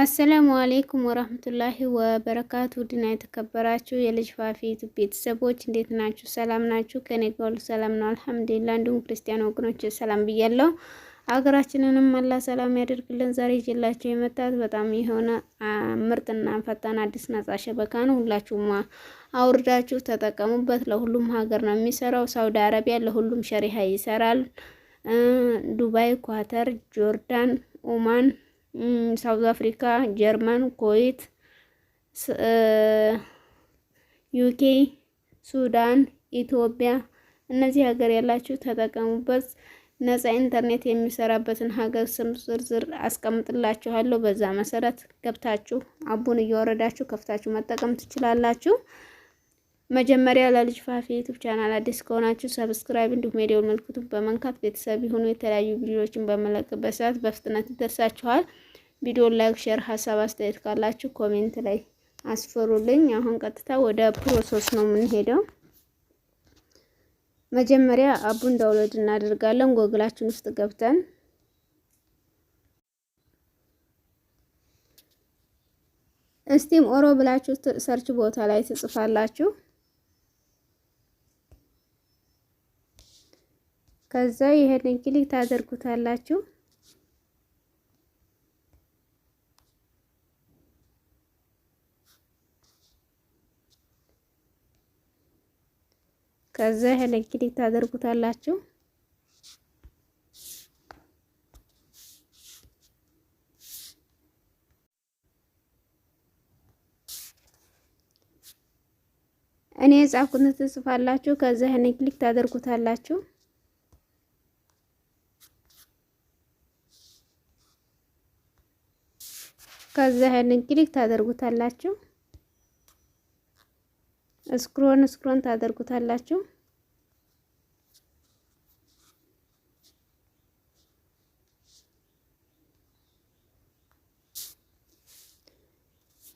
አሰላሙ አሌይኩም ወራህመቱላሂ ወበረካቱ ድና የተከበራችሁ የልጅ ፋፊቱ ቤተሰቦች እንዴት ናችሁ? ሰላም ናችሁ? ከኔ ጋር ሁሉ ሰላም ነው አልሐምዱሊላ። እንዲሁም ክርስቲያን ወገኖች ሰላም ብያለሁ። ሀገራችንንም አላህ ሰላም ያደርግልን። ዛሬ ይዤላችሁ የመጣት በጣም የሆነ ምርጥና ፈጣን አዲስ ነጻ ሸበካ ነው። ሁላችሁም አውርዳችሁ ተጠቀሙበት። ለሁሉም ሀገር ነው የሚሰራው። ሳውዲ አረቢያ ለሁሉም ሸሪሀ ይሰራል። ዱባይ፣ ኳተር፣ ጆርዳን፣ ኦማን ሳውዝ አፍሪካ፣ ጀርመን፣ ኩዌት፣ ዩኬ፣ ሱዳን፣ ኢትዮጵያ እነዚህ ሀገር ያላችሁ ተጠቀሙበት። ነጻ ኢንተርኔት የሚሰራበትን ሀገር ስም ዝርዝር አስቀምጥላችኋለሁ። በዛ መሰረት ገብታችሁ አቡን እያወረዳችሁ ከፍታችሁ መጠቀም ትችላላችሁ። መጀመሪያ ለልጅ ፋፊ ዩቱብ ቻናል አዲስ ከሆናችሁ ሰብስክራይብ እንዲሁም የደወል ምልክቱን በመንካት ቤተሰብ የሆኑ የተለያዩ ቪዲዮዎችን በመለቅበት ሰዓት በፍጥነት ይደርሳችኋል። ቪዲዮ ላይክ፣ ሼር፣ ሀሳብ አስተያየት ካላችሁ ኮሜንት ላይ አስፈሩልኝ። አሁን ቀጥታ ወደ ፕሮሰስ ነው የምንሄደው። መጀመሪያ አቡን ዳውንሎድ እናደርጋለን። ጎግላችን ውስጥ ገብተን እስቲም ኦሮ ብላችሁ ሰርች ቦታ ላይ ትጽፋላችሁ። ከዛ ይሄንን ክሊክ ታደርጉታላችሁ። ከዛ ይሄንን ክሊክ ታደርጉታላችሁ። እኔ የጻፍኩትን ትጽፋላችሁ። ከዛ ይሄንን ክሊክ ታደርጉታላችሁ። ከዛ ያንን ክሊክ ታደርጉታላችሁ። ስክሮን ስክሮን ታደርጉታላችሁ።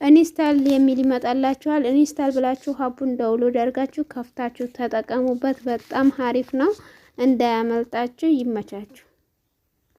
ኢንስታል የሚል ይመጣላችኋል። ኢንስታል ብላችሁ ሀቡን ዳውንሎድ አድርጋችሁ ከፍታችሁ ተጠቀሙበት። በጣም ሀሪፍ ነው፣ እንዳያመልጣችሁ። ይመቻችሁ።